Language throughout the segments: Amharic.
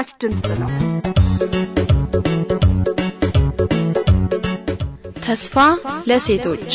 ለመስራች ድምፅ ነው። ተስፋ ለሴቶች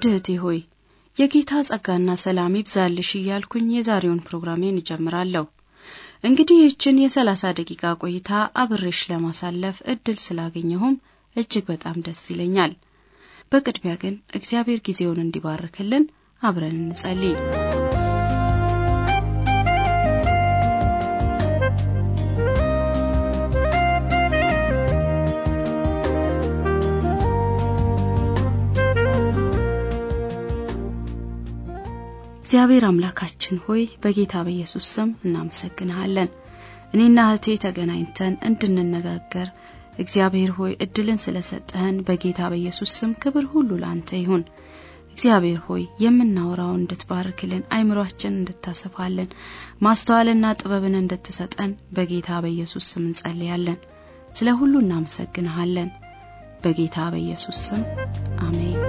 ውድ እህቴ ሆይ የጌታ ጸጋና ሰላም ይብዛልሽ እያልኩኝ የዛሬውን ፕሮግራሜን እጀምራለሁ። እንግዲህ ይህችን የሰላሳ ደቂቃ ቆይታ አብሬሽ ለማሳለፍ እድል ስላገኘሁም እጅግ በጣም ደስ ይለኛል። በቅድሚያ ግን እግዚአብሔር ጊዜውን እንዲባርክልን አብረን እንጸልይ። እግዚአብሔር አምላካችን ሆይ በጌታ በኢየሱስ ስም እናመሰግንሃለን። እኔና እህቴ ተገናኝተን እንድንነጋገር እግዚአብሔር ሆይ እድልን ስለሰጠህን በጌታ በኢየሱስ ስም ክብር ሁሉ ላንተ ይሁን። እግዚአብሔር ሆይ የምናወራውን እንድትባርክልን፣ አይምሯችን እንድታሰፋልን፣ ማስተዋልና ጥበብን እንድትሰጠን በጌታ በኢየሱስ ስም እንጸልያለን። ስለ ሁሉ እናመሰግንሃለን። በጌታ በኢየሱስ ስም አሜን።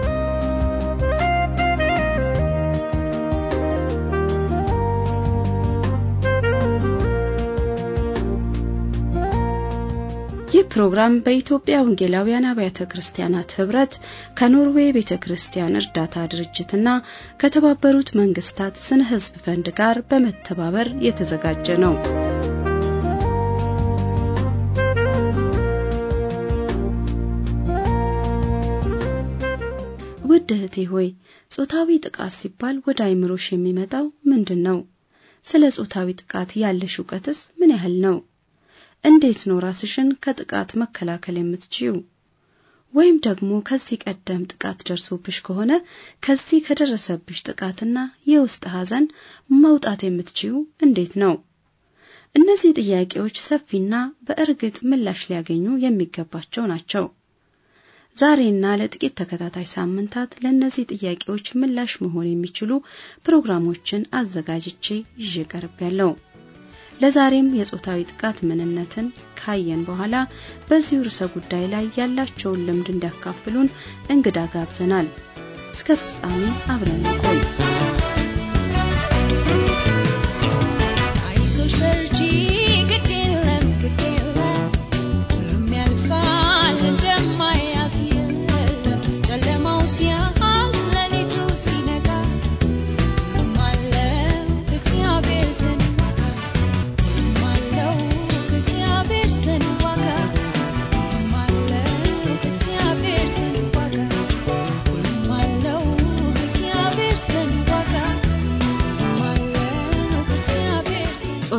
ፕሮግራም በኢትዮጵያ ወንጌላውያን አብያተ ክርስቲያናት ህብረት ከኖርዌይ ቤተ ክርስቲያን እርዳታ ድርጅትና ከተባበሩት መንግስታት ስነ ህዝብ ፈንድ ጋር በመተባበር የተዘጋጀ ነው። ውድ እህቴ ሆይ ጾታዊ ጥቃት ሲባል ወደ አይምሮሽ የሚመጣው ምንድን ነው? ስለ ጾታዊ ጥቃት ያለሽ እውቀትስ ምን ያህል ነው? እንዴት ነው ራስሽን ከጥቃት መከላከል የምትችዩ? ወይም ደግሞ ከዚህ ቀደም ጥቃት ደርሶብሽ ከሆነ ከዚህ ከደረሰብሽ ጥቃትና የውስጥ ሐዘን መውጣት የምትችዩ እንዴት ነው? እነዚህ ጥያቄዎች ሰፊና በእርግጥ ምላሽ ሊያገኙ የሚገባቸው ናቸው። ዛሬና ለጥቂት ተከታታይ ሳምንታት ለእነዚህ ጥያቄዎች ምላሽ መሆን የሚችሉ ፕሮግራሞችን አዘጋጅቼ ይዤ ቀርቤያለሁ። ለዛሬም የጾታዊ ጥቃት ምንነትን ካየን በኋላ በዚሁ ርዕሰ ጉዳይ ላይ ያላቸውን ልምድ እንዲያካፍሉን እንግዳ ጋብዘናል። እስከ ፍጻሜ አብረን ቆዩ።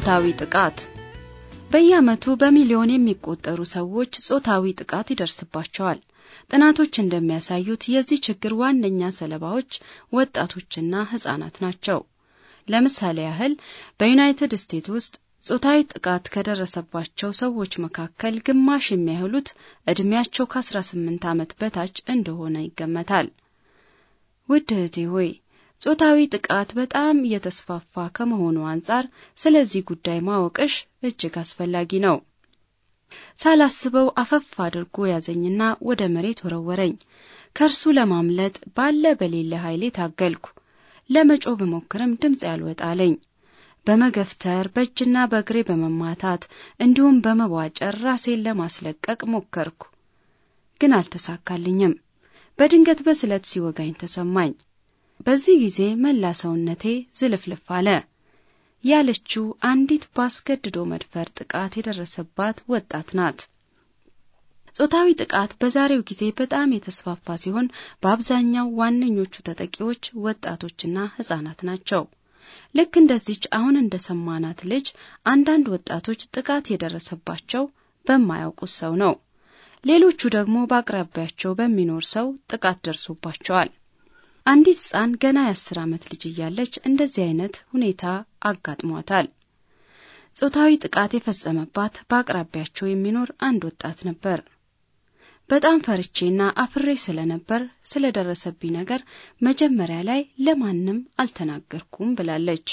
ጾታዊ ጥቃት በየዓመቱ በሚሊዮን የሚቆጠሩ ሰዎች ጾታዊ ጥቃት ይደርስባቸዋል። ጥናቶች እንደሚያሳዩት የዚህ ችግር ዋነኛ ሰለባዎች ወጣቶችና ሕጻናት ናቸው። ለምሳሌ ያህል በዩናይትድ ስቴትስ ውስጥ ጾታዊ ጥቃት ከደረሰባቸው ሰዎች መካከል ግማሽ የሚያህሉት ዕድሜያቸው ከ18 ዓመት በታች እንደሆነ ይገመታል። ውድ እህቴ ሆይ ጾታዊ ጥቃት በጣም እየተስፋፋ ከመሆኑ አንጻር ስለዚህ ጉዳይ ማወቅሽ እጅግ አስፈላጊ ነው። ሳላስበው አፈፍ አድርጎ ያዘኝና ወደ መሬት ወረወረኝ። ከእርሱ ለማምለጥ ባለ በሌለ ኃይሌ ታገልኩ። ለመጮ ብሞክርም ድምፅ ያልወጣለኝ። በመገፍተር በእጅና በእግሬ በመማታት እንዲሁም በመቧጨር ራሴን ለማስለቀቅ ሞከርኩ፣ ግን አልተሳካልኝም። በድንገት በስለት ሲወጋኝ ተሰማኝ። በዚህ ጊዜ መላ ሰውነቴ ዝልፍልፍ አለ ያለችው አንዲት ባስገድዶ መድፈር ጥቃት የደረሰባት ወጣት ናት። ጾታዊ ጥቃት በዛሬው ጊዜ በጣም የተስፋፋ ሲሆን በአብዛኛው ዋነኞቹ ተጠቂዎች ወጣቶችና ሕጻናት ናቸው። ልክ እንደዚች አሁን እንደ ሰማናት ልጅ አንዳንድ ወጣቶች ጥቃት የደረሰባቸው በማያውቁት ሰው ነው። ሌሎቹ ደግሞ በአቅራቢያቸው በሚኖር ሰው ጥቃት ደርሶባቸዋል። አንዲት ሕፃን ገና የአስር ዓመት ልጅ እያለች እንደዚህ አይነት ሁኔታ አጋጥሟታል። ጾታዊ ጥቃት የፈጸመባት በአቅራቢያቸው የሚኖር አንድ ወጣት ነበር። በጣም ፈርቼና አፍሬ ስለነበር ስለደረሰብኝ ነገር መጀመሪያ ላይ ለማንም አልተናገርኩም ብላለች።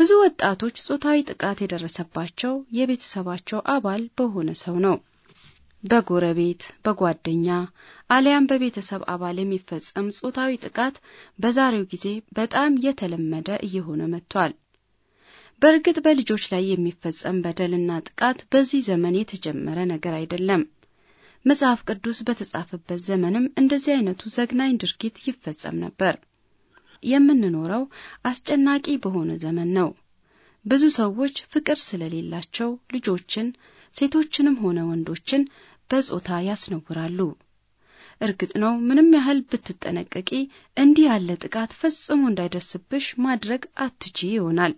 ብዙ ወጣቶች ጾታዊ ጥቃት የደረሰባቸው የቤተሰባቸው አባል በሆነ ሰው ነው። በጎረቤት በጓደኛ አሊያም በቤተሰብ አባል የሚፈጸም ጾታዊ ጥቃት በዛሬው ጊዜ በጣም የተለመደ እየሆነ መጥቷል። በእርግጥ በልጆች ላይ የሚፈጸም በደልና ጥቃት በዚህ ዘመን የተጀመረ ነገር አይደለም። መጽሐፍ ቅዱስ በተጻፈበት ዘመንም እንደዚህ አይነቱ ዘግናኝ ድርጊት ይፈጸም ነበር። የምንኖረው አስጨናቂ በሆነ ዘመን ነው። ብዙ ሰዎች ፍቅር ስለሌላቸው ልጆችን ሴቶችንም ሆነ ወንዶችን በጾታ ያስነውራሉ። እርግጥ ነው ምንም ያህል ብትጠነቀቂ እንዲህ ያለ ጥቃት ፈጽሞ እንዳይደርስብሽ ማድረግ አትቺ ይሆናል።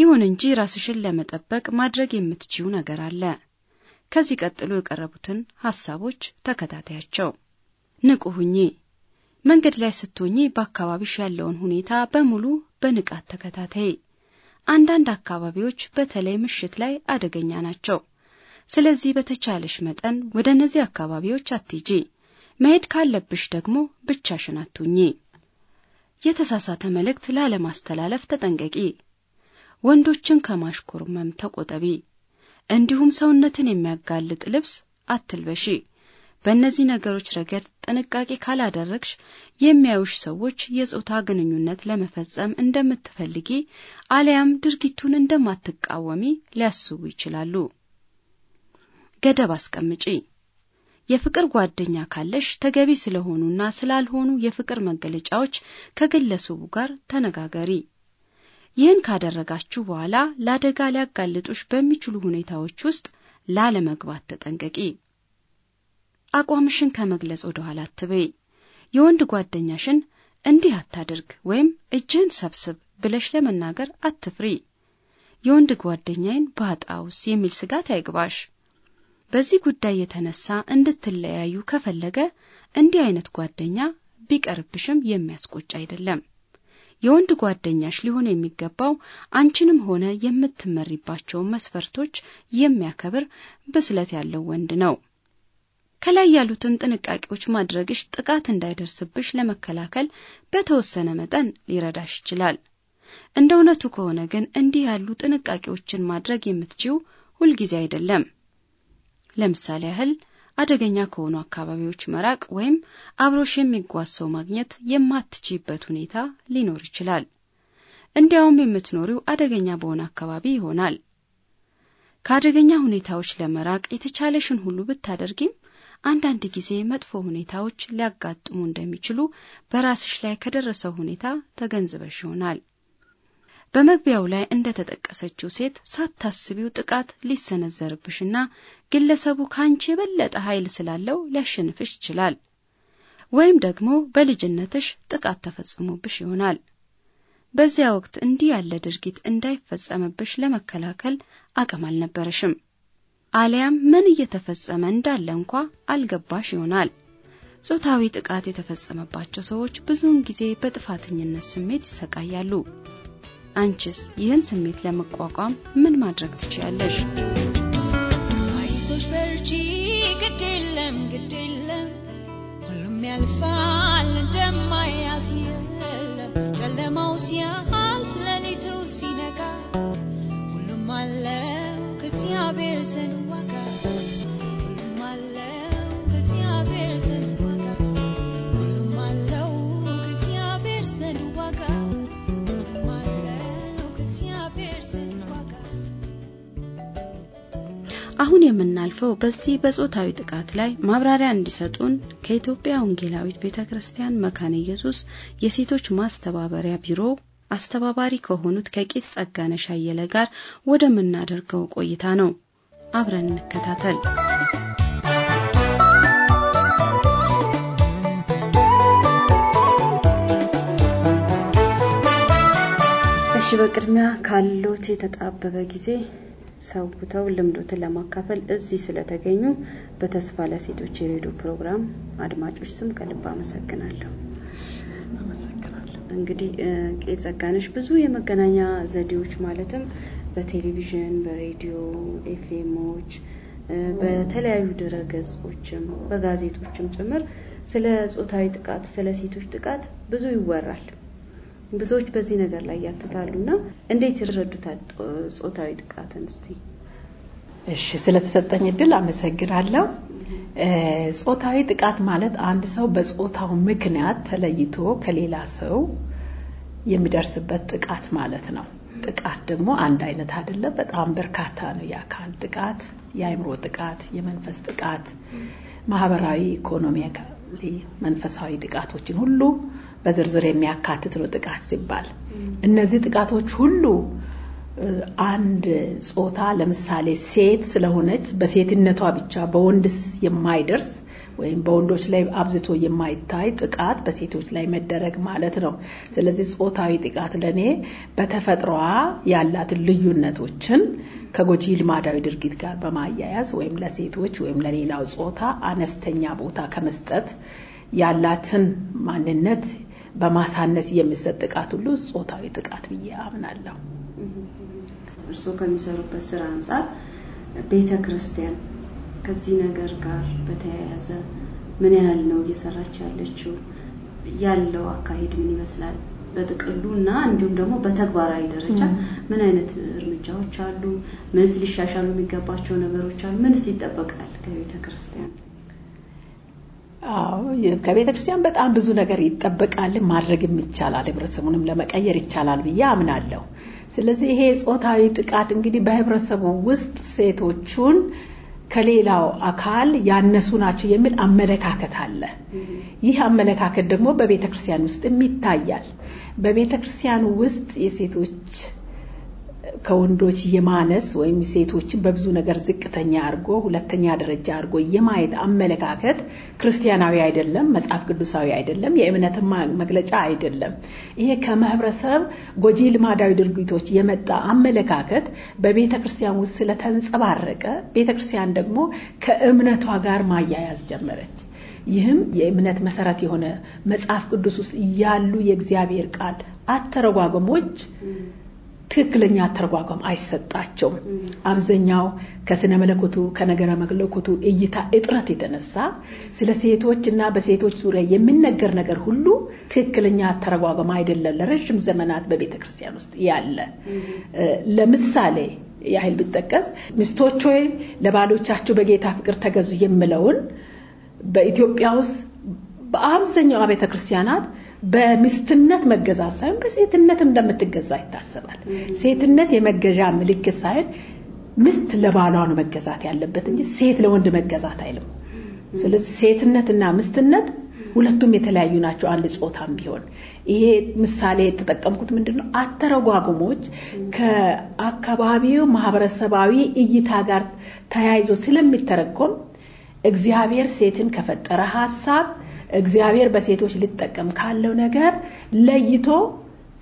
ይሁን እንጂ ራስሽን ለመጠበቅ ማድረግ የምትችው ነገር አለ። ከዚህ ቀጥሎ የቀረቡትን ሐሳቦች ተከታታያቸው። ንቁ ሁኚ። መንገድ ላይ ስትሆኚ በአካባቢሽ ያለውን ሁኔታ በሙሉ በንቃት ተከታተይ። አንዳንድ አካባቢዎች በተለይ ምሽት ላይ አደገኛ ናቸው። ስለዚህ በተቻለሽ መጠን ወደ እነዚህ አካባቢዎች አትጂ። መሄድ ካለብሽ ደግሞ ብቻሽን አትሁኚ። የተሳሳተ መልእክት ላለማስተላለፍ ተጠንቀቂ። ወንዶችን ከማሽኮርመም ተቆጠቢ። እንዲሁም ሰውነትን የሚያጋልጥ ልብስ አትልበሺ። በእነዚህ ነገሮች ረገድ ጥንቃቄ ካላደረግሽ የሚያዩሽ ሰዎች የጾታ ግንኙነት ለመፈጸም እንደምትፈልጊ አሊያም ድርጊቱን እንደማትቃወሚ ሊያስቡ ይችላሉ። ገደብ አስቀምጪ። የፍቅር ጓደኛ ካለሽ ተገቢ ስለሆኑና ስላልሆኑ የፍቅር መገለጫዎች ከግለሰቡ ጋር ተነጋገሪ። ይህን ካደረጋችሁ በኋላ ለአደጋ ሊያጋልጡሽ በሚችሉ ሁኔታዎች ውስጥ ላለመግባት ተጠንቀቂ። አቋምሽን ከመግለጽ ወደ ኋላ አትበይ። የወንድ ጓደኛሽን እንዲህ አታድርግ ወይም እጅህን ሰብስብ ብለሽ ለመናገር አትፍሪ። የወንድ ጓደኛዬን ባጣውስ የሚል ስጋት አይግባሽ። በዚህ ጉዳይ የተነሳ እንድትለያዩ ከፈለገ እንዲህ አይነት ጓደኛ ቢቀርብሽም የሚያስቆጭ አይደለም። የወንድ ጓደኛሽ ሊሆን የሚገባው አንቺንም ሆነ የምትመሪባቸውን መስፈርቶች የሚያከብር ብስለት ያለው ወንድ ነው። ከላይ ያሉትን ጥንቃቄዎች ማድረግሽ ጥቃት እንዳይደርስብሽ ለመከላከል በተወሰነ መጠን ሊረዳሽ ይችላል። እንደ እውነቱ ከሆነ ግን እንዲህ ያሉ ጥንቃቄዎችን ማድረግ የምትችው ሁልጊዜ አይደለም። ለምሳሌ ያህል አደገኛ ከሆኑ አካባቢዎች መራቅ ወይም አብሮሽ የሚጓዝ ሰው ማግኘት የማትችይበት ሁኔታ ሊኖር ይችላል። እንዲያውም የምትኖሪው አደገኛ በሆነ አካባቢ ይሆናል። ከአደገኛ ሁኔታዎች ለመራቅ የተቻለሽን ሁሉ ብታደርጊም አንዳንድ ጊዜ መጥፎ ሁኔታዎች ሊያጋጥሙ እንደሚችሉ በራስሽ ላይ ከደረሰው ሁኔታ ተገንዝበሽ ይሆናል። በመግቢያው ላይ እንደተጠቀሰችው ሴት ሳታስቢው ጥቃት ሊሰነዘርብሽና ግለሰቡ ከአንቺ የበለጠ ኃይል ስላለው ሊያሸንፍሽ ይችላል። ወይም ደግሞ በልጅነትሽ ጥቃት ተፈጽሞብሽ ይሆናል። በዚያ ወቅት እንዲህ ያለ ድርጊት እንዳይፈጸምብሽ ለመከላከል አቅም አልነበረሽም። አሊያም ምን እየተፈጸመ እንዳለ እንኳ አልገባሽ ይሆናል። ጾታዊ ጥቃት የተፈጸመባቸው ሰዎች ብዙውን ጊዜ በጥፋተኝነት ስሜት ይሰቃያሉ። አንቺስ ይህን ስሜት ለመቋቋም ምን ማድረግ ትችያለሽ? አይዞሽ በርቺ፣ ግድ የለም ግድ የለም ሁሉም ያልፋል፣ እንደማያልፍ የለም ጨለማው ሲያልፍ ሌሊቱ ሲነጋ ሁሉም አለው ከእግዚአብሔር ዘንድ አሁን የምናልፈው በዚህ በጾታዊ ጥቃት ላይ ማብራሪያ እንዲሰጡን ከኢትዮጵያ ወንጌላዊት ቤተ ክርስቲያን መካነ ኢየሱስ የሴቶች ማስተባበሪያ ቢሮ አስተባባሪ ከሆኑት ከቄስ ጸጋነ ሻየለ ጋር ወደምናደርገው ቆይታ ነው። አብረን እንከታተል። እሺ፣ በቅድሚያ ካሉት የተጣበበ ጊዜ ሰውተው ልምዶትን ለማካፈል እዚህ ስለተገኙ በተስፋ ለሴቶች የሬዲዮ ፕሮግራም አድማጮች ስም ከልብ አመሰግናለሁ። እንግዲህ ቄ ጸጋነሽ ብዙ የመገናኛ ዘዴዎች ማለትም በቴሌቪዥን፣ በሬዲዮ፣ ኤፍኤሞች፣ በተለያዩ ገጾችም በጋዜጦችም ጭምር ስለ ጾታዊ ጥቃት ስለ ሴቶች ጥቃት ብዙ ይወራል። ብዙዎች በዚህ ነገር ላይ ያትታሉ እና እንዴት ይረዱታል ጾታዊ ጥቃትን? እስቲ እሺ፣ ስለተሰጠኝ እድል አመሰግናለሁ። ጾታዊ ጥቃት ማለት አንድ ሰው በጾታው ምክንያት ተለይቶ ከሌላ ሰው የሚደርስበት ጥቃት ማለት ነው። ጥቃት ደግሞ አንድ አይነት አይደለም፣ በጣም በርካታ ነው። የአካል ጥቃት፣ የአእምሮ ጥቃት፣ የመንፈስ ጥቃት፣ ማህበራዊ ኢኮኖሚያዊ፣ መንፈሳዊ ጥቃቶችን ሁሉ በዝርዝር የሚያካትት ነው ጥቃት ሲባል። እነዚህ ጥቃቶች ሁሉ አንድ ጾታ ለምሳሌ ሴት ስለሆነች በሴትነቷ ብቻ በወንድስ የማይደርስ ወይም በወንዶች ላይ አብዝቶ የማይታይ ጥቃት በሴቶች ላይ መደረግ ማለት ነው። ስለዚህ ጾታዊ ጥቃት ለእኔ በተፈጥሯ ያላትን ልዩነቶችን ከጎጂ ልማዳዊ ድርጊት ጋር በማያያዝ ወይም ለሴቶች ወይም ለሌላው ጾታ አነስተኛ ቦታ ከመስጠት ያላትን ማንነት በማሳነስ የሚሰጥ ጥቃት ሁሉ ጾታዊ ጥቃት ብዬ አምናለሁ። እርስዎ ከሚሰሩበት ስራ አንጻር ቤተ ክርስቲያን ከዚህ ነገር ጋር በተያያዘ ምን ያህል ነው እየሰራች ያለችው? ያለው አካሄድ ምን ይመስላል? በጥቅሉ እና እንዲሁም ደግሞ በተግባራዊ ደረጃ ምን አይነት እርምጃዎች አሉ? ምንስ ሊሻሻሉ የሚገባቸው ነገሮች አሉ? ምንስ ይጠበቃል ከቤተ ክርስቲያን? ከቤተ ክርስቲያን በጣም ብዙ ነገር ይጠበቃል፣ ማድረግም ይቻላል፣ ህብረተሰቡንም ለመቀየር ይቻላል ብዬ አምናለሁ። ስለዚህ ይሄ ጾታዊ ጥቃት እንግዲህ በህብረተሰቡ ውስጥ ሴቶቹን ከሌላው አካል ያነሱ ናቸው የሚል አመለካከት አለ። ይህ አመለካከት ደግሞ በቤተ ክርስቲያን ውስጥ ይታያል። በቤተ ክርስቲያን ውስጥ የሴቶች ከወንዶች የማነስ ወይም ሴቶችን በብዙ ነገር ዝቅተኛ አድርጎ ሁለተኛ ደረጃ አድርጎ የማየት አመለካከት ክርስቲያናዊ አይደለም፣ መጽሐፍ ቅዱሳዊ አይደለም፣ የእምነት መግለጫ አይደለም። ይሄ ከማህበረሰብ ጎጂ ልማዳዊ ድርጊቶች የመጣ አመለካከት በቤተ ክርስቲያን ውስጥ ስለተንጸባረቀ ቤተ ክርስቲያን ደግሞ ከእምነቷ ጋር ማያያዝ ጀመረች። ይህም የእምነት መሰረት የሆነ መጽሐፍ ቅዱስ ውስጥ ያሉ የእግዚአብሔር ቃል አተረጓጎሞች ትክክለኛ አተረጓጓም አይሰጣቸውም። አብዛኛው ከስነ መለኮቱ ከነገረ መለኮቱ እይታ እጥረት የተነሳ ስለ ሴቶች እና በሴቶች ዙሪያ የሚነገር ነገር ሁሉ ትክክለኛ አተረጓጓም አይደለም። ለረዥም ዘመናት በቤተ ክርስቲያን ውስጥ ያለ ለምሳሌ ያህል ብጠቀስ ሚስቶች ወይ ለባሎቻቸው በጌታ ፍቅር ተገዙ የሚለውን በኢትዮጵያ ውስጥ በአብዛኛው ቤተክርስቲያናት ክርስቲያናት በሚስትነት መገዛት ሳይሆን በሴትነት እንደምትገዛ ይታሰባል። ሴትነት የመገዣ ምልክት ሳይሆን ሚስት ለባሏ ነው መገዛት ያለበት እንጂ ሴት ለወንድ መገዛት አይልም። ስለዚህ ሴትነትና ምስትነት ሁለቱም የተለያዩ ናቸው። አንድ ጾታም ቢሆን ይሄ ምሳሌ የተጠቀምኩት ምንድን ነው አተረጓጉሞች ከአካባቢው ማህበረሰባዊ እይታ ጋር ተያይዞ ስለሚተረጎም እግዚአብሔር ሴትን ከፈጠረ ሀሳብ እግዚአብሔር በሴቶች ሊጠቀም ካለው ነገር ለይቶ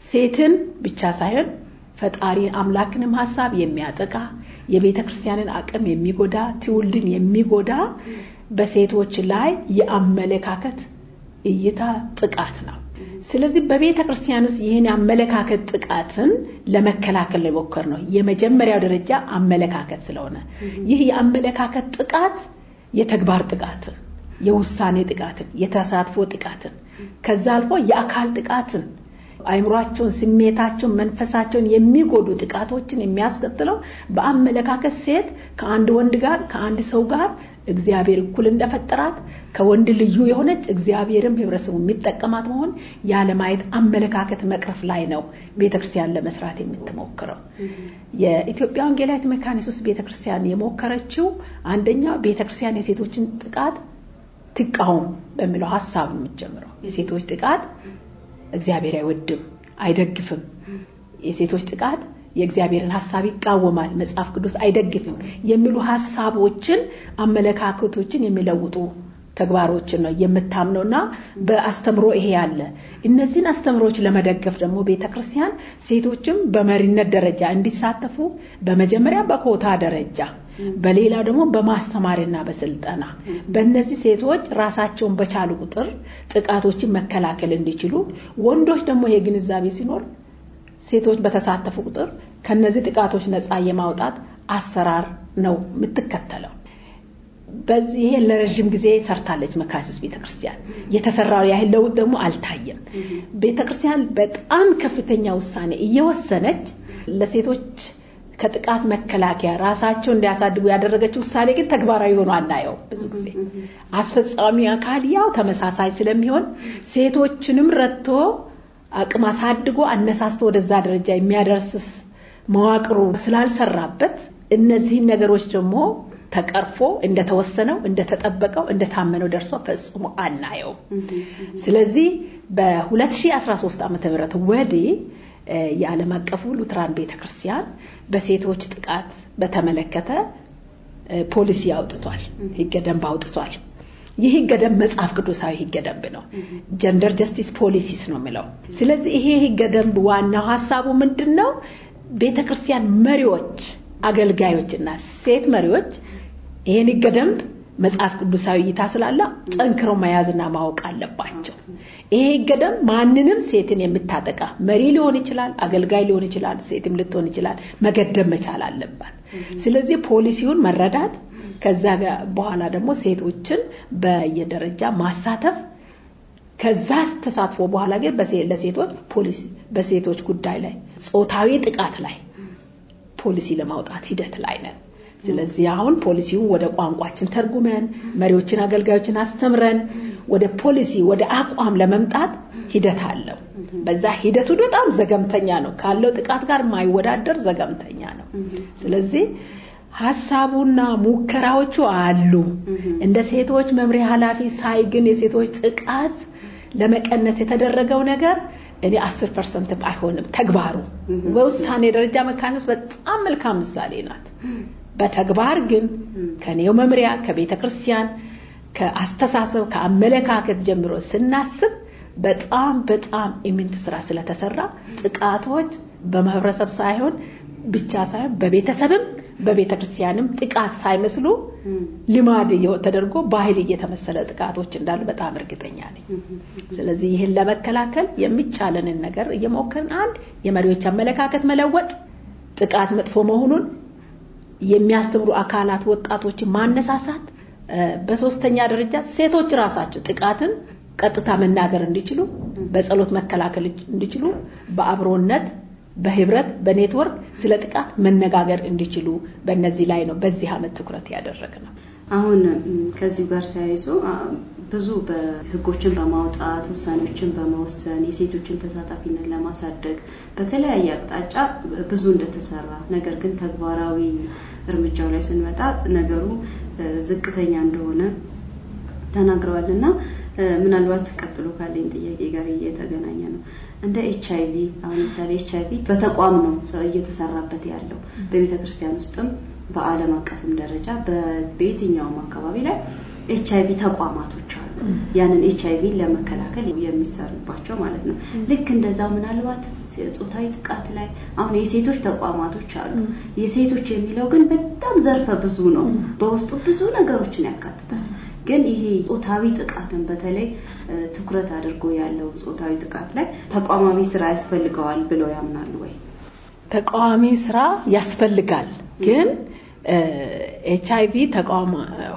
ሴትን ብቻ ሳይሆን ፈጣሪ አምላክንም ሀሳብ የሚያጠቃ የቤተ ክርስቲያንን አቅም የሚጎዳ ትውልድን የሚጎዳ በሴቶች ላይ የአመለካከት እይታ ጥቃት ነው። ስለዚህ በቤተ ክርስቲያን ውስጥ ይህን የአመለካከት ጥቃትን ለመከላከል የሞከር ነው። የመጀመሪያው ደረጃ አመለካከት ስለሆነ ይህ የአመለካከት ጥቃት የተግባር ጥቃትን የውሳኔ ጥቃትን፣ የተሳትፎ ጥቃትን ከዛ አልፎ የአካል ጥቃትን አይምሯቸውን፣ ስሜታቸውን፣ መንፈሳቸውን የሚጎዱ ጥቃቶችን የሚያስከትለው በአመለካከት ሴት ከአንድ ወንድ ጋር ከአንድ ሰው ጋር እግዚአብሔር እኩል እንደፈጠራት ከወንድ ልዩ የሆነች እግዚአብሔርም ህብረተሰቡ የሚጠቀማት መሆን ያለማየት አመለካከት መቅረፍ ላይ ነው ቤተክርስቲያን ለመስራት የምትሞክረው። የኢትዮጵያ ወንጌላዊት መካኒሱስ ቤተክርስቲያን የሞከረችው አንደኛው ቤተክርስቲያን የሴቶችን ጥቃት ትቃውም በሚለው ሀሳብ የምትጀምረው የሴቶች ጥቃት እግዚአብሔር አይወድም፣ አይደግፍም። የሴቶች ጥቃት የእግዚአብሔርን ሀሳብ ይቃወማል፣ መጽሐፍ ቅዱስ አይደግፍም የሚሉ ሀሳቦችን፣ አመለካከቶችን የሚለውጡ ተግባሮችን ነው የምታምነው እና በአስተምሮ ይሄ ያለ እነዚህን አስተምሮች ለመደገፍ ደግሞ ቤተክርስቲያን ሴቶችም በመሪነት ደረጃ እንዲሳተፉ በመጀመሪያ በኮታ ደረጃ በሌላው ደግሞ በማስተማርና በስልጠና በእነዚህ ሴቶች ራሳቸውን በቻሉ ቁጥር ጥቃቶችን መከላከል እንዲችሉ፣ ወንዶች ደግሞ ይሄ ግንዛቤ ሲኖር ሴቶች በተሳተፉ ቁጥር ከነዚህ ጥቃቶች ነፃ የማውጣት አሰራር ነው የምትከተለው። በዚህ ለረዥም ጊዜ ሰርታለች መካከስ ቤተክርስቲያን። የተሰራው ያህል ለውጥ ደግሞ አልታየም። ቤተክርስቲያን በጣም ከፍተኛ ውሳኔ እየወሰነች ለሴቶች ከጥቃት መከላከያ ራሳቸው እንዲያሳድጉ ያደረገችው ውሳኔ ግን ተግባራዊ ሆኖ አናየው። ብዙ ጊዜ አስፈጻሚ አካል ያው ተመሳሳይ ስለሚሆን ሴቶችንም ረድቶ አቅም አሳድጎ አነሳስቶ ወደዛ ደረጃ የሚያደርስስ መዋቅሩ ስላልሰራበት እነዚህን ነገሮች ደግሞ ተቀርፎ እንደተወሰነው እንደተጠበቀው እንደታመነው ደርሶ ፈጽሞ አናየው ስለዚህ በ2013 ዓ ም ወዲህ የዓለም አቀፉ ሉትራን ቤተክርስቲያን በሴቶች ጥቃት በተመለከተ ፖሊሲ አውጥቷል፣ ህገ ደንብ አውጥቷል። ይህ ህገ ደንብ መጽሐፍ ቅዱሳዊ ህገ ደንብ ነው። ጀንደር ጀስቲስ ፖሊሲስ ነው የሚለው። ስለዚህ ይሄ ህገ ደንብ ዋናው ሀሳቡ ምንድን ነው? ቤተክርስቲያን መሪዎች፣ አገልጋዮች እና ሴት መሪዎች ይህን ህገ ደንብ መጽሐፍ ቅዱሳዊ እይታ ስላለ ጠንክረው መያዝና ማወቅ አለባቸው። ይሄ ገደም ማንንም ሴትን የምታጠቃ መሪ ሊሆን ይችላል፣ አገልጋይ ሊሆን ይችላል፣ ሴትም ልትሆን ይችላል፣ መገደም መቻል አለባት። ስለዚህ ፖሊሲውን መረዳት ከዛ በኋላ ደግሞ ሴቶችን በየደረጃ ማሳተፍ ከዛ ተሳትፎ በኋላ ግን ለሴቶች ፖሊሲ በሴቶች ጉዳይ ላይ ጾታዊ ጥቃት ላይ ፖሊሲ ለማውጣት ሂደት ላይ ነን። ስለዚህ አሁን ፖሊሲውን ወደ ቋንቋችን ተርጉመን መሪዎችን፣ አገልጋዮችን አስተምረን ወደ ፖሊሲ ወደ አቋም ለመምጣት ሂደት አለው። በዛ ሂደቱ በጣም ዘገምተኛ ነው። ካለው ጥቃት ጋር ማይወዳደር ዘገምተኛ ነው። ስለዚህ ሀሳቡና ሙከራዎቹ አሉ። እንደ ሴቶች መምሪያ ኃላፊ ሳይ ግን የሴቶች ጥቃት ለመቀነስ የተደረገው ነገር እኔ አስር ፐርሰንትም አይሆንም። ተግባሩ በውሳኔ ደረጃ መካሰስ በጣም መልካም ምሳሌ ናት። በተግባር ግን ከኔው መምሪያ ከቤተ ክርስቲያን ከአስተሳሰብ ከአመለካከት ጀምሮ ስናስብ በጣም በጣም ኢምንት ስራ ስለተሰራ ጥቃቶች በማህበረሰብ ሳይሆን ብቻ ሳይሆን በቤተሰብም በቤተ ክርስቲያንም ጥቃት ሳይመስሉ ልማድ ተደርጎ ባህል እየተመሰለ ጥቃቶች እንዳሉ በጣም እርግጠኛ ነኝ። ስለዚህ ይህን ለመከላከል የሚቻለንን ነገር እየሞከርን አንድ የመሪዎች አመለካከት መለወጥ ጥቃት መጥፎ መሆኑን የሚያስተምሩ አካላት ወጣቶችን ማነሳሳት፣ በሶስተኛ ደረጃ ሴቶች ራሳቸው ጥቃትን ቀጥታ መናገር እንዲችሉ፣ በጸሎት መከላከል እንዲችሉ፣ በአብሮነት በህብረት በኔትወርክ ስለ ጥቃት መነጋገር እንዲችሉ በእነዚህ ላይ ነው በዚህ አመት ትኩረት ነው። አሁን ከዚሁ ጋር ተያይዞ ብዙ በህጎችን በማውጣት ውሳኔዎችን በመወሰን የሴቶችን ተሳታፊነት ለማሳደግ በተለያየ አቅጣጫ ብዙ እንደተሰራ ነገር ግን ተግባራዊ እርምጃው ላይ ስንመጣ ነገሩ ዝቅተኛ እንደሆነ ተናግረዋል እና ምናልባት ቀጥሎ ካለኝ ጥያቄ ጋር እየተገናኘ ነው። እንደ ኤች አይቪ አሁን ለምሳሌ ኤች በተቋም ነው እየተሰራበት ያለው በቤተ ክርስቲያን ውስጥም በዓለም አቀፍም ደረጃ በየትኛውም አካባቢ ላይ ኤች አይቪ ተቋማቶች አሉ። ያንን ኤች ቪ ለመከላከል የሚሰሩባቸው ማለት ነው። ልክ እንደዛው ምናልባት ጾታዊ ጥቃት ላይ አሁን የሴቶች ተቋማቶች አሉ። የሴቶች የሚለው ግን በጣም ዘርፈ ብዙ ነው። በውስጡ ብዙ ነገሮችን ያካትታል። ግን ይሄ ጾታዊ ጥቃትን በተለይ ትኩረት አድርጎ ያለው ጾታዊ ጥቃት ላይ ተቋማዊ ስራ ያስፈልገዋል ብለው ያምናሉ ወይ? ተቃዋሚ ስራ ያስፈልጋል ግን ኤች ቪ ተቋም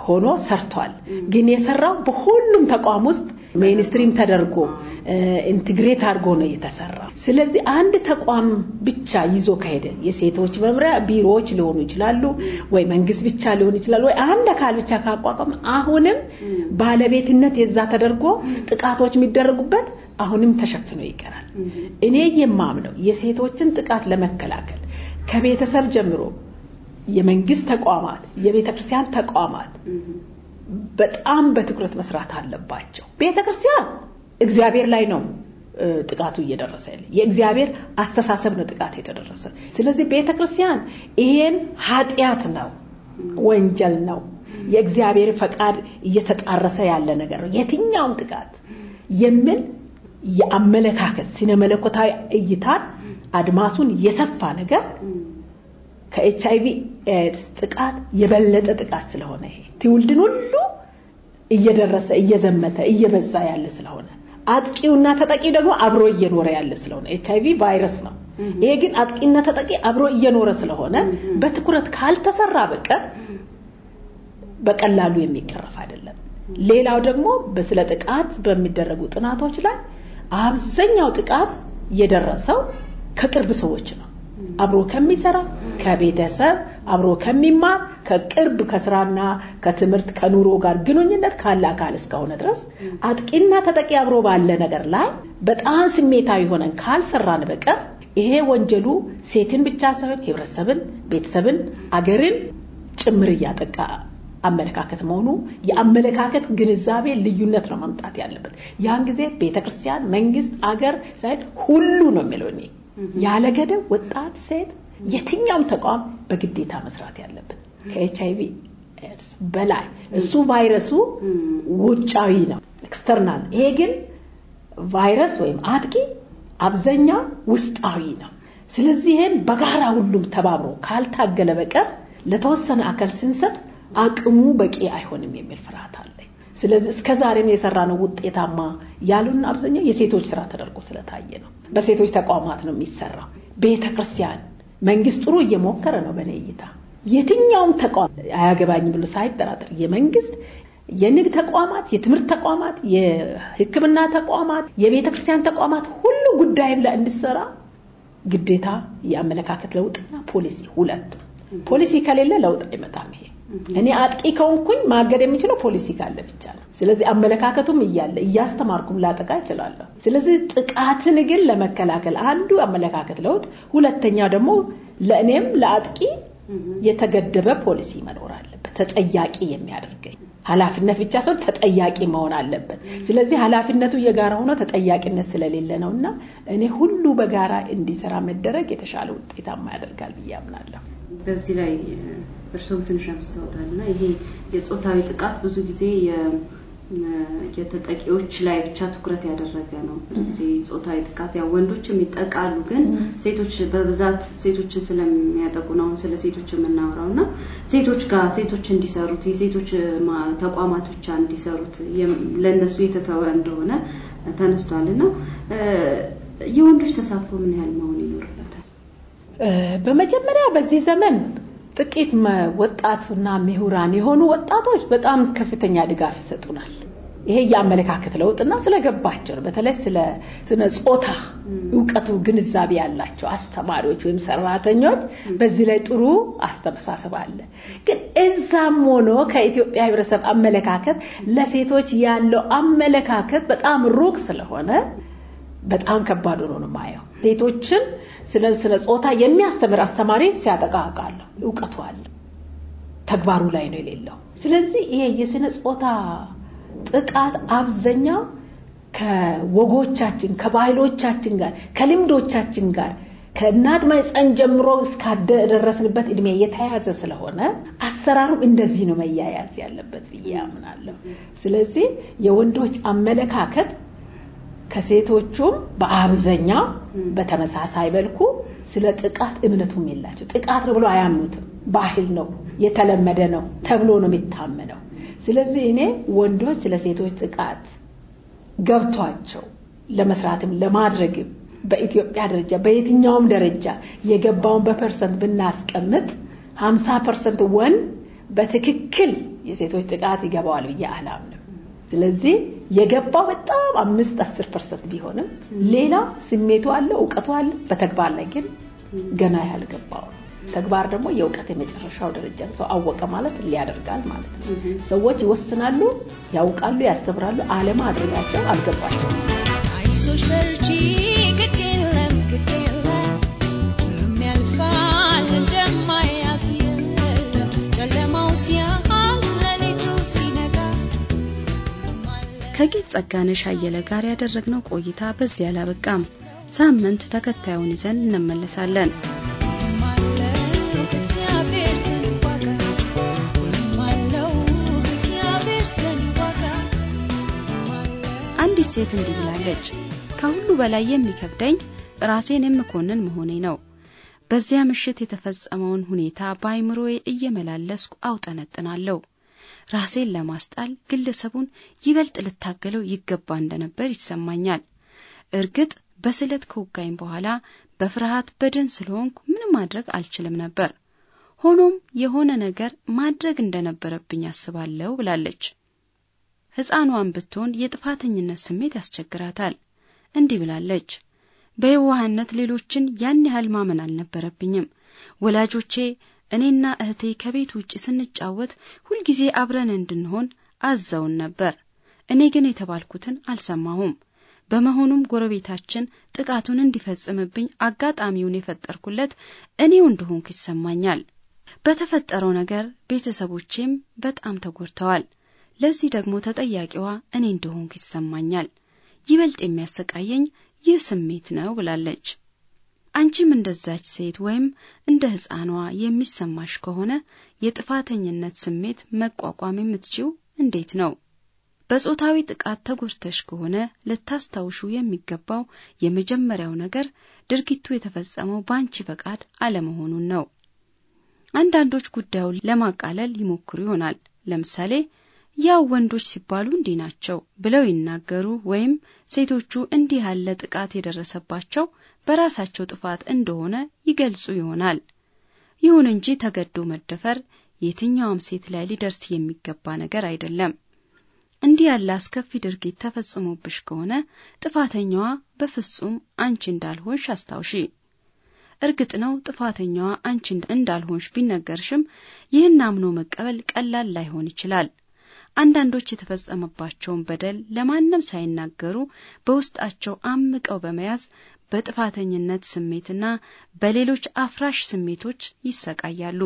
ሆኖ ሰርቷል። ግን የሰራው በሁሉም ተቋም ውስጥ ሜንስትሪም ተደርጎ ኢንትግሬት አድርጎ ነው የተሰራ። ስለዚህ አንድ ተቋም ብቻ ይዞ ከሄደ የሴቶች መምሪያ ቢሮዎች ሊሆኑ ይችላሉ፣ ወይ መንግስት ብቻ ሊሆን ይችላሉ፣ ወይ አንድ አካል ብቻ ካቋቋም አሁንም ባለቤትነት የዛ ተደርጎ ጥቃቶች የሚደረጉበት አሁንም ተሸፍኖ ይቀራል። እኔ የማምነው የሴቶችን ጥቃት ለመከላከል ከቤተሰብ ጀምሮ የመንግስት ተቋማት፣ የቤተክርስቲያን ተቋማት በጣም በትኩረት መስራት አለባቸው። ቤተ ክርስቲያን እግዚአብሔር ላይ ነው ጥቃቱ እየደረሰ ያለ የእግዚአብሔር አስተሳሰብ ነው ጥቃት የተደረሰ። ስለዚህ ቤተ ክርስቲያን ይሄን ኃጢአት ነው፣ ወንጀል ነው፣ የእግዚአብሔር ፈቃድ እየተጣረሰ ያለ ነገር ነው የትኛውም ጥቃት የሚል የአመለካከት ሲነመለኮታዊ እይታን አድማሱን የሰፋ ነገር ከኤች አይቪ ኤድስ ጥቃት የበለጠ ጥቃት ስለሆነ ይሄ ትውልድን ሁሉ እየደረሰ እየዘመተ እየበዛ ያለ ስለሆነ አጥቂውና ተጠቂ ደግሞ አብሮ እየኖረ ያለ ስለሆነ ኤች አይቪ ቫይረስ ነው። ይሄ ግን አጥቂና ተጠቂ አብሮ እየኖረ ስለሆነ በትኩረት ካልተሰራ በቀር በቀላሉ የሚቀረፍ አይደለም። ሌላው ደግሞ በስለ ጥቃት በሚደረጉ ጥናቶች ላይ አብዛኛው ጥቃት የደረሰው ከቅርብ ሰዎች ነው። አብሮ ከሚሰራ ከቤተሰብ አብሮ ከሚማር ከቅርብ ከስራና ከትምህርት ከኑሮ ጋር ግንኙነት ካለ አካል እስከሆነ ድረስ አጥቂና ተጠቂ አብሮ ባለ ነገር ላይ በጣም ስሜታዊ ሆነን ካልሰራን በቀር ይሄ ወንጀሉ ሴትን ብቻ ሳይሆን ህብረተሰብን፣ ቤተሰብን፣ አገርን ጭምር እያጠቃ አመለካከት መሆኑ የአመለካከት ግንዛቤ ልዩነት ነው መምጣት ያለበት። ያን ጊዜ ቤተክርስቲያን፣ መንግስት፣ አገር ሳይሆን ሁሉ ነው የሚለው እኔ ያለ ገደብ ወጣት ሴት የትኛውም ተቋም በግዴታ መስራት ያለብን ከኤች አይቪ ኤድስ በላይ እሱ ቫይረሱ ውጫዊ ነው፣ ኤክስተርናል። ይሄ ግን ቫይረስ ወይም አጥቂ አብዛኛው ውስጣዊ ነው። ስለዚህ ይህን በጋራ ሁሉም ተባብሮ ካልታገለ በቀር ለተወሰነ አካል ስንሰጥ አቅሙ በቂ አይሆንም የሚል ፍርሃት አለ። ስለዚህ እስከ ዛሬም የሰራ ነው ውጤታማ ያሉን አብዛኛው የሴቶች ስራ ተደርጎ ስለታየ ነው። በሴቶች ተቋማት ነው የሚሰራው። ቤተ ክርስቲያን መንግስት ጥሩ እየሞከረ ነው። በእኔ እይታ የትኛውም ተቋም አያገባኝ ብሎ ሳይጠራጠር የመንግስት የንግድ ተቋማት፣ የትምህርት ተቋማት፣ የሕክምና ተቋማት፣ የቤተ ክርስቲያን ተቋማት ሁሉ ጉዳይ ብለ እንዲሰራ ግዴታ የአመለካከት ለውጥና ፖሊሲ ሁለቱ ፖሊሲ ከሌለ ለውጥ አይመጣም። ይሄ እኔ አጥቂ ከሆንኩኝ ማገድ የሚችለው ፖሊሲ ካለ ብቻ ነው። ስለዚህ አመለካከቱም እያለ እያስተማርኩም ላጠቃ እችላለሁ። ስለዚህ ጥቃትን ግን ለመከላከል አንዱ አመለካከት ለውጥ፣ ሁለተኛ ደግሞ ለእኔም ለአጥቂ የተገደበ ፖሊሲ መኖር አለበት። ተጠያቂ የሚያደርገኝ ኃላፊነት ብቻ ሰው ተጠያቂ መሆን አለበት። ስለዚህ ኃላፊነቱ የጋራ ሆኖ ተጠያቂነት ስለሌለ ነው እና እኔ ሁሉ በጋራ እንዲሰራ መደረግ የተሻለ ውጤታማ ያደርጋል ብዬ አምናለሁ። በዚህ ላይ እርስዎም ትንሽ አንስተውታል እና ይሄ የጾታዊ ጥቃት ብዙ ጊዜ የተጠቂዎች ላይ ብቻ ትኩረት ያደረገ ነው። ብዙ ጊዜ ጾታዊ ጥቃት ያው ወንዶችም ይጠቃሉ፣ ግን ሴቶች በብዛት ሴቶችን ስለሚያጠቁ ነው አሁን ስለ ሴቶች የምናወራው እና ሴቶች ጋር ሴቶች እንዲሰሩት የሴቶች ተቋማት ብቻ እንዲሰሩት ለእነሱ የተተወ እንደሆነ ተነስቷል እና የወንዶች ተሳትፎ ምን ያህል መሆን ይኖርበታል? በመጀመሪያ በዚህ ዘመን ጥቂት ወጣትና ምሁራን የሆኑ ወጣቶች በጣም ከፍተኛ ድጋፍ ይሰጡናል። ይሄ የአመለካከት ለውጥና ስለገባቸው ነው። በተለይ ስለ ስነ ጾታ እውቀቱ ግንዛቤ ያላቸው አስተማሪዎች ወይም ሰራተኞች በዚህ ላይ ጥሩ አስተመሳሰብ አለ። ግን እዛም ሆኖ ከኢትዮጵያ ሕብረተሰብ አመለካከት ለሴቶች ያለው አመለካከት በጣም ሩቅ ስለሆነ በጣም ከባድ ሆኖ ነው የማየው። ሴቶችን ስለ ስለ ጾታ የሚያስተምር አስተማሪ ሲያጠቃ አውቃለሁ። እውቀቱ አለ፣ ተግባሩ ላይ ነው የሌለው። ስለዚህ ይሄ የስነ ጾታ ጥቃት አብዛኛው ከወጎቻችን ከባህሎቻችን ጋር ከልምዶቻችን ጋር ከእናት ማህፀን ጀምሮ እስካደረስንበት እድሜ የተያዘ ስለሆነ አሰራሩም እንደዚህ ነው መያያዝ ያለበት ብዬ አምናለሁ። ስለዚህ የወንዶች አመለካከት ከሴቶቹም በአብዛኛው በተመሳሳይ መልኩ ስለ ጥቃት እምነቱም የላቸው። ጥቃት ነው ብሎ አያምኑትም። ባህል ነው፣ የተለመደ ነው ተብሎ ነው የሚታመነው። ስለዚህ እኔ ወንዶች ስለ ሴቶች ጥቃት ገብቷቸው ለመስራትም ለማድረግም በኢትዮጵያ ደረጃ በየትኛውም ደረጃ የገባውን በፐርሰንት ብናስቀምጥ ሀምሳ ፐርሰንት ወንድ በትክክል የሴቶች ጥቃት ይገባዋል ብዬ አላምንም። ስለዚህ የገባው በጣም አምስት አስር ፐርሰንት ቢሆንም ሌላ ስሜቱ አለ፣ እውቀቱ አለ። በተግባር ላይ ግን ገና ያልገባው ተግባር ደግሞ የእውቀት የመጨረሻው ደረጃ ሰው አወቀ ማለት ሊያደርጋል ማለት ነው። ሰዎች ይወስናሉ፣ ያውቃሉ፣ ያስተምራሉ። አለማ አድርጋቸው አልገባቸውም። ከጌት ጸጋነሽ አየለ ጋር ያደረግነው ቆይታ በዚህ አላበቃም። ሳምንት ተከታዩን ይዘን እንመለሳለን። አንዲት ሴት እንዲህ ብላለች፣ ከሁሉ በላይ የሚከብደኝ ራሴን የምኮንን መሆኔ ነው። በዚያ ምሽት የተፈጸመውን ሁኔታ በአይምሮዬ እየመላለስኩ አውጠነጥናለሁ። ራሴን ለማስጣል ግለሰቡን ይበልጥ ልታገለው ይገባ እንደነበር ይሰማኛል። እርግጥ በስለት ከወጋኝ በኋላ በፍርሃት በደን ስለሆንኩ ምንም ማድረግ አልችልም ነበር። ሆኖም የሆነ ነገር ማድረግ እንደነበረብኝ አስባለሁ ብላለች። ሕፃኗን ብትሆን የጥፋተኝነት ስሜት ያስቸግራታል። እንዲህ ብላለች። በየዋህነት ሌሎችን ያን ያህል ማመን አልነበረብኝም። ወላጆቼ እኔና እህቴ ከቤት ውጭ ስንጫወት ሁልጊዜ አብረን እንድንሆን አዘውን ነበር። እኔ ግን የተባልኩትን አልሰማሁም። በመሆኑም ጎረቤታችን ጥቃቱን እንዲፈጽምብኝ አጋጣሚውን የፈጠርኩለት እኔው እንደሆንኩ ይሰማኛል። በተፈጠረው ነገር ቤተሰቦቼም በጣም ተጎድተዋል። ለዚህ ደግሞ ተጠያቂዋ እኔ እንደሆንኩ ይሰማኛል። ይበልጥ የሚያሰቃየኝ ይህ ስሜት ነው ብላለች። አንቺም እንደዛች ሴት ወይም እንደ ሕፃኗ የሚሰማሽ ከሆነ የጥፋተኝነት ስሜት መቋቋም የምትችው እንዴት ነው? በጾታዊ ጥቃት ተጎድተሽ ከሆነ ልታስታውሹ የሚገባው የመጀመሪያው ነገር ድርጊቱ የተፈጸመው በአንቺ ፈቃድ አለመሆኑን ነው። አንዳንዶች ጉዳዩን ለማቃለል ይሞክሩ ይሆናል። ለምሳሌ ያው ወንዶች ሲባሉ እንዲህ ናቸው ብለው ይናገሩ ወይም ሴቶቹ እንዲህ ያለ ጥቃት የደረሰባቸው በራሳቸው ጥፋት እንደሆነ ይገልጹ ይሆናል። ይሁን እንጂ ተገዶ መደፈር የትኛውም ሴት ላይ ሊደርስ የሚገባ ነገር አይደለም። እንዲህ ያለ አስከፊ ድርጊት ተፈጽሞብሽ ከሆነ ጥፋተኛዋ በፍጹም አንቺ እንዳልሆንሽ አስታውሺ። እርግጥ ነው ጥፋተኛዋ አንቺ እንዳልሆንሽ ቢነገርሽም ይህን አምኖ መቀበል ቀላል ላይሆን ይችላል። አንዳንዶች የተፈጸመባቸውን በደል ለማንም ሳይናገሩ በውስጣቸው አምቀው በመያዝ በጥፋተኝነት ስሜትና በሌሎች አፍራሽ ስሜቶች ይሰቃያሉ።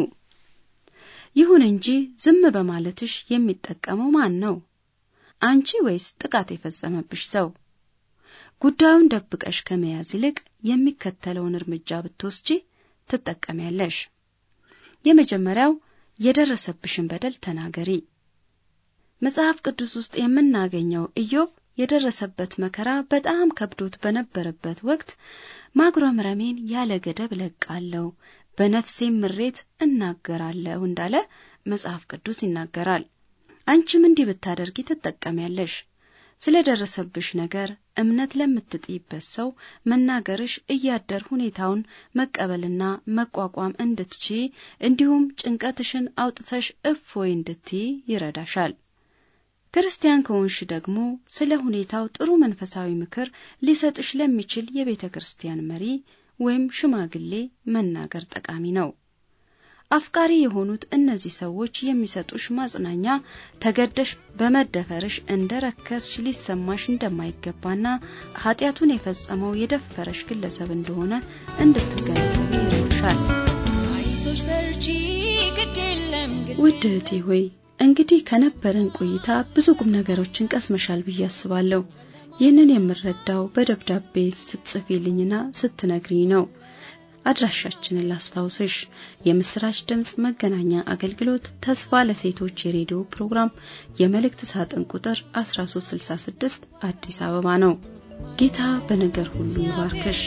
ይሁን እንጂ ዝም በማለትሽ የሚጠቀመው ማን ነው? አንቺ ወይስ ጥቃት የፈጸመብሽ ሰው? ጉዳዩን ደብቀሽ ከመያዝ ይልቅ የሚከተለውን እርምጃ ብትወስጂ ትጠቀሚያለሽ። የመጀመሪያው የደረሰብሽን በደል ተናገሪ። መጽሐፍ ቅዱስ ውስጥ የምናገኘው ኢዮብ የደረሰበት መከራ በጣም ከብዶት በነበረበት ወቅት ማጉረምረሜን ያለ ገደብ ለቃለሁ፣ በነፍሴም ምሬት እናገራለሁ እንዳለ መጽሐፍ ቅዱስ ይናገራል። አንቺም እንዲህ ብታደርጊ ትጠቀሚያለሽ። ስለ ደረሰብሽ ነገር እምነት ለምትጥይበት ሰው መናገርሽ እያደር ሁኔታውን መቀበልና መቋቋም እንድትችይ እንዲሁም ጭንቀትሽን አውጥተሽ እፎይ እንድትይ ይረዳሻል። ክርስቲያን ከሆንሽ ደግሞ ስለ ሁኔታው ጥሩ መንፈሳዊ ምክር ሊሰጥሽ ለሚችል የቤተ ክርስቲያን መሪ ወይም ሽማግሌ መናገር ጠቃሚ ነው። አፍቃሪ የሆኑት እነዚህ ሰዎች የሚሰጡሽ ማጽናኛ ተገደሽ በመደፈርሽ እንደ ረከስሽ ሊሰማሽ እንደማይገባና ኃጢአቱን የፈጸመው የደፈረሽ ግለሰብ እንደሆነ እንድትገነዘብ ይረዱሻል። ውድ እህቴ ሆይ እንግዲህ ከነበረን ቆይታ ብዙ ቁም ነገሮችን ቀስመሻል ብዬ አስባለሁ። ይህንን የምረዳው በደብዳቤ ስትጽፊልኝና ስትነግሪኝ ነው። አድራሻችንን ላስታውስሽ። የምስራች ድምፅ መገናኛ አገልግሎት ተስፋ ለሴቶች የሬዲዮ ፕሮግራም የመልእክት ሳጥን ቁጥር 1366 አዲስ አበባ ነው። ጌታ በነገር ሁሉ ይባርክሽ።